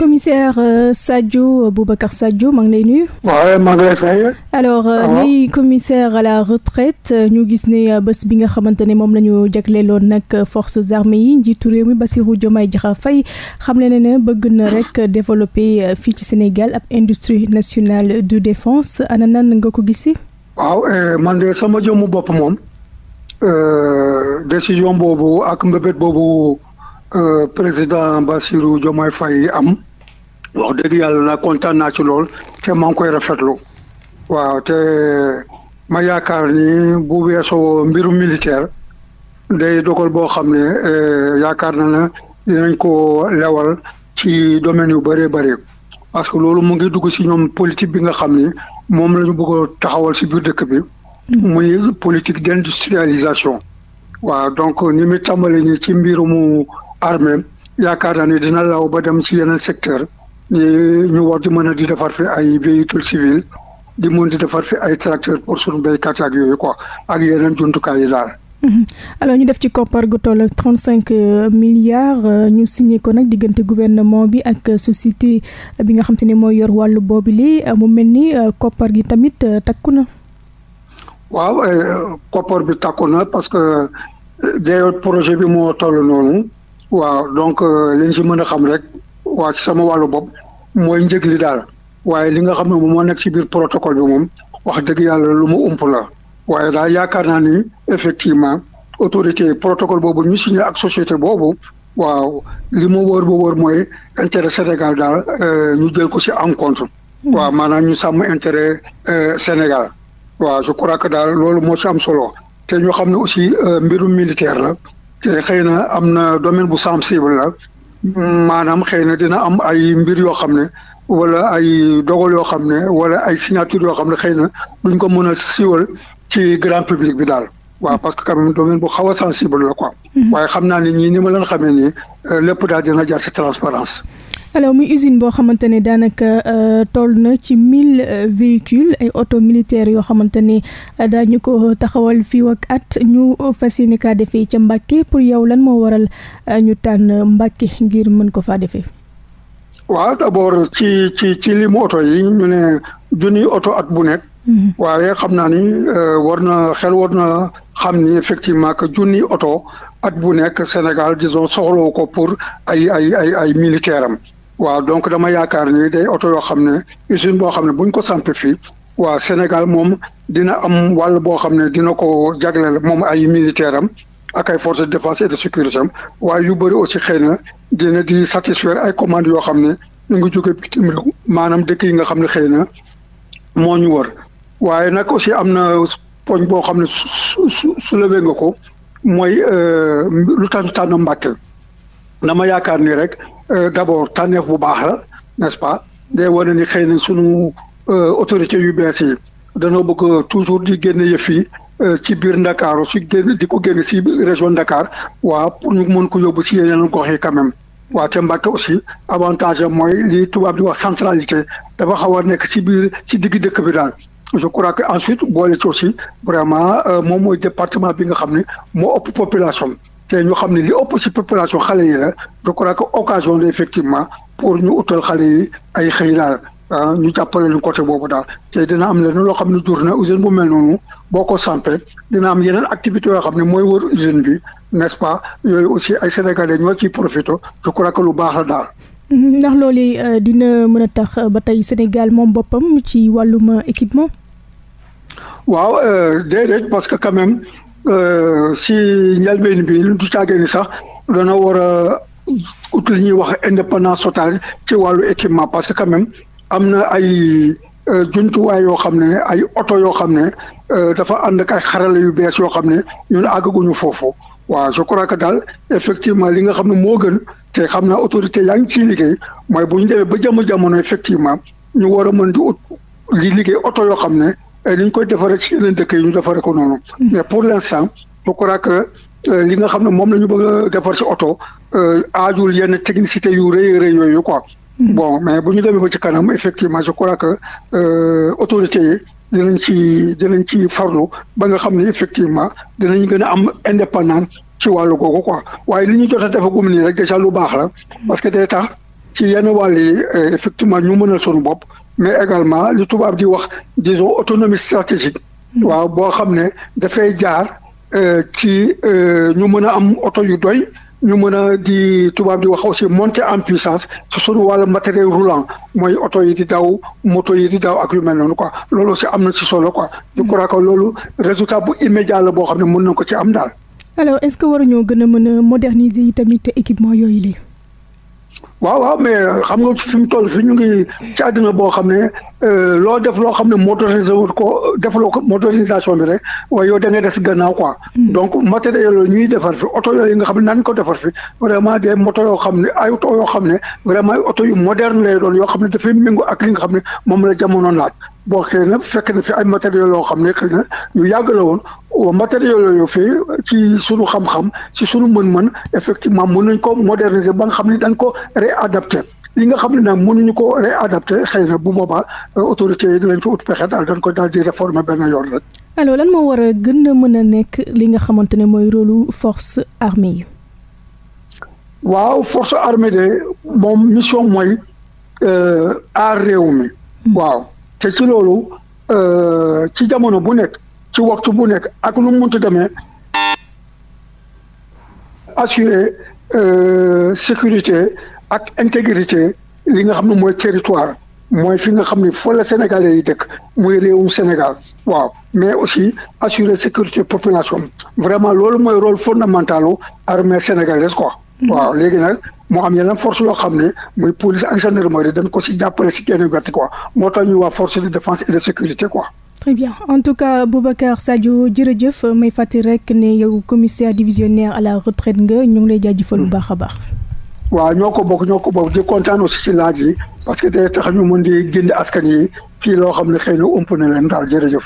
commissaire euh, Sadio euh, Boubacar Sadio maa ngi lay nuyu. waaw maa ngi alors euh, ah. ngay commissaire à la retraite ñu gis ne bés bi nga xamante ne moom la ñu jagleeloon nag forces armées yi njiitu réew mi Bassirou Diomaye Diakhar Faye xam ne ne bëgg na rek développer fii ci Sénégal ak industrie nationale de défense ana nan nga ko gisi waaw eh, man de sama jëmmu bopp moom. Euh, décision boobu ak mbébét boobu euh, président Bassirou Diomaye Faye am wax dëgg yàlla na kontaan naa ci lool te maa ngi koy rafetlu waaw te ma yaakaar ni bu weesoo mbiru militaire day dogal boo xam ne eh, yaakaar na ne dinañ ko lewal ci domaine yu bëree bëri parce que loolu mu ngi dugg si ñoom politique bi nga xam ni moom la ñu bëgg taxawal si biir dëkk bi muy politique d'industrialisation waaw donc ni mu tàmbali ni ci mbirumu armée yaakaar naa ni dina law ba dem ci yeneen secteur ñu war di mën a di defar fi ay véhicule civil di mën di defar fi ay tracteur pour suñu béykat yi ak yooyu quoi ak yeneen jumtukaay yi daal. Mhm. alors ñu def ci koppar gu toll ak trente cinq euh, milliards euh, ñu signé ko nag diggante gouvernement bi ak euh, société bi nga xam te ne mooy yor wàllu boobu lii mu mel nii koppar gi tamit takku na. waaw koppar bi takku na parce que dayoo projet bi moo toll noonu. waaw donc liñ si mën a xam rek waa ci sama wàllu bopp mooy njëg li daal waaye li nga xam ne moom moo nekk ci biir protocole bi moom wax dëgg yàlla lu mu ump la waaye daal yaakaar naa ni effectivement autorité protocole boobu ñu signé ak société boobu waaw li mu wóor ba wóor mooy intérêt Sénégal daal euh, ñu jël ko ci en compte hmm. waaw maanaam ñu sàmm intérêt euh, Sénégal waaw je crois que daal loolu moo ci am solo te ñu xam ne aussi euh, mbirum militaire la te xëy na am na domaine bu sensible la maanaam xëy na dina am ay mbir yoo xam ne wala ay dogal yoo xam ne wala ay signature yoo xam ne xëy na duñ ko mën a siiwal ci grand public bi daal waaw parce que quand domaine bu xaw a sensible la quoi mhm. waaye xam naa ne ñii ni ma leen xamee nii euh, lépp daal dina jaar ci transparence alors muy usine boo xamante ne daanaka euh, toll na ci mille euh, véhicules ay auto militaires yoo xamante ne euh, daañu ko taxawal fii ak at ñu fas yéene kaa defee ca Mbàkke pour yow lan moo waral ñu tànn Mbàkke ngir mën ko faa defee. waaw d'abord ci ci ci limu oto yi ñu ne junni oto at bu nekk. Mhm. xam naa ni war na xel war na xam ni effectivement que oto at bu nekk Sénégal dison soxlawu ko pour ay ay ay ay militaire am. waaw donc dama yaakaar ni de oto yoo xam ne usine boo xam ne buñ ko samp fii waaw Sénégal moom dina am wàll boo xam ne dina ko jagleel moom ay militaire am ak ay forces de défense et de sécurité am waaye yu bëri aussi xëy na dina di satisfaire ay commandes yoo xam ne ñu ngi jóge bitim réew maanaam dëkk yi nga xam ne xëy na moo ñu wër waaye nag aussi am na poñ boo xam ne su soulevé nga ko mooy euh, lu tax ñu tànn Mbàkke dama yaakaar ni rek. Euh, d' abord tànneef bu baax la n' est ce pas day wane ni xëy na sunu euh, autorité yu bees yi danoo bëgg toujours di génne yëf yi euh, ci biir Ndakaaru su génn di ko génne si région Dakar waa pour ñu mën ko yóbbu si yeneen gox yi quand waa te Mbàkke aussi avantage mooy li tubaab di wax centralité dafa xaw a nekk si biir si digg dëkk bi daal je crois que ensuite boole ci aussi vraiment moom mooy département bi nga xam ni moo ëpp population te ñu xam ne li ëpp ci population xale yi la je crois que occasion la effectivement pour ñu utal xale yi ay xëy daal ah, ñu jàppale nu côté boobu daal te dina am leneen loo xam ne jur na usine bu mel noonu boo ko sampee dina am yeneen activité yoo xam ne mooy war usine bi n'est-ce pas yooyu aussi ay sénégalais ñoo ciy profité je crois que lu baax la daal. ndax loolu euh, dina mën a tax ba tey Sénégal moom boppam ci wàllum équipement. waaw euh, déedéet parce que quand Euh, si njëlbeen bi lu caagee ni sax dana war a ut li ñuy wax indépendance totale ci wàllu équipement parce que quand même am na ay euh, jumtuwaay yoo xam ne ay oto yoo xam ne euh, dafa ànd ak ay xarala yu bees yoo xam ne ñun àggaguñu foofu waaw je crois que daal effectivement li nga xam ne moo gën te xam naa autorité yaa ngi ciy liggéey mooy bu ñu demee ba jamono jamono effectivement ñu war a mën di ut li liggéey oto yoo xam ne ni eh, ñu koy defaree ci yeneen dëkk yi ñu defaree ko noonu. Hmm. mais pour l' instant je crois que eh, li nga xam ne moom la ñu bëgg a defar ci oto eh, aajul yenn technicité yu rëy rëy yooyu ko hmm. bon mais bu ñu demee ba ci kanam effectivement je crois que autorités yi dinañ ci dinañ ci farlu ba nga xam ne effectivement dinañ gën a am indépendant ci wàllu googu ko waaye li ñu jot a defagum nii rek déjà lu baax la parce que day tax. ci yenn wàll yi eh, effectivement ñu mënal sunu bopp mais également li tubaab di wax disons autonomie stratégique hmm. waaw boo xam ne dafay jaar eh, ci eh, ñu mën a am oto yu doy ñu mën a di tubaab di wax aussi monter en puissance ci sunu wàllu matériel roulant mooy oto yi di daw moto yi di daw ak yu mel noonu quoi loolu si am na si solo quoi. je hmm. loolu résultat bu immédiat la boo xam ne mën na ko ci am daal. alors est-ce que waruñoo gën a mën a moderniser yi tamit équipement yooyu la. waaw waaw mais xam nga fi mu toll fi ñu ngi ci boo xam ne euh, loo def loo xam ne motorisé wut ko defaloo ko bi rek waaye yow da ngay des gannaaw quoi. Hmm. donc matériel yooyu ñuy defar fi oto yooyu nga xam ne naan ko defar fi vraiment de moto yoo xam ne ay oto yoo xam ne vraiment oto yu moderne lay doon yoo xam ne dafay méngoo ak li nga xam ne moom la jamono laaj bon xëy na fekk na fi ay matériaux yoo xam ne xëy na yu yàgg la woon wa matériaux yooyu fii ci sunu xam-xam ci sunu mën-mën effectivement mën nañ ko moderniser ba nga xam ne dañ ko réadapter li nga xam ne nag mënuñu ko réadapter xëy na bu boobaa euh, autorité yi dinañ ko ut pexe daal dañ ko daal di réformer benn yoon rek. alors lan moo war gën a mën a nekk li nga xamante ne mooy rôlu force armée yi. waaw force armée de moom mission mooy euh, aar réew mi. Hmm. waaw. te si loolu euh, ci jamono bu nekk ci waxtu bu nekk ak lu mu munti demee assurer euh, sécurité ak intégrité li nga xam ne mooy territoire mooy fi nga xam ni fa la sénégalais yi dëkk muy réewum Sénégal waaw mais aussi assurer sécurité population vraiment loolu mooy rôle fondamental armée sénégalaise quoi mm-hmm. waaw léegi nag moo xam yeneen force loo xam ne muy police ak gendarmerie ko si jàppale si kenn wet quoi moo tax ñu waa force de défense et de sécurité quoi. très bien en tout cas Boubacar Sadio jërëjëf may fàttali rek ne yow commissaire divisionnaire à la nga ñu ngi lay jaajëfal bu hmm. baax a baax. waaw ñoo ko bokk ñoo ko bokk di kontaan aussi si laaj yi parce que day tax ñu mën di génne askan yi ci loo xam ne xëy na ëmp na leen daal jërëjëf.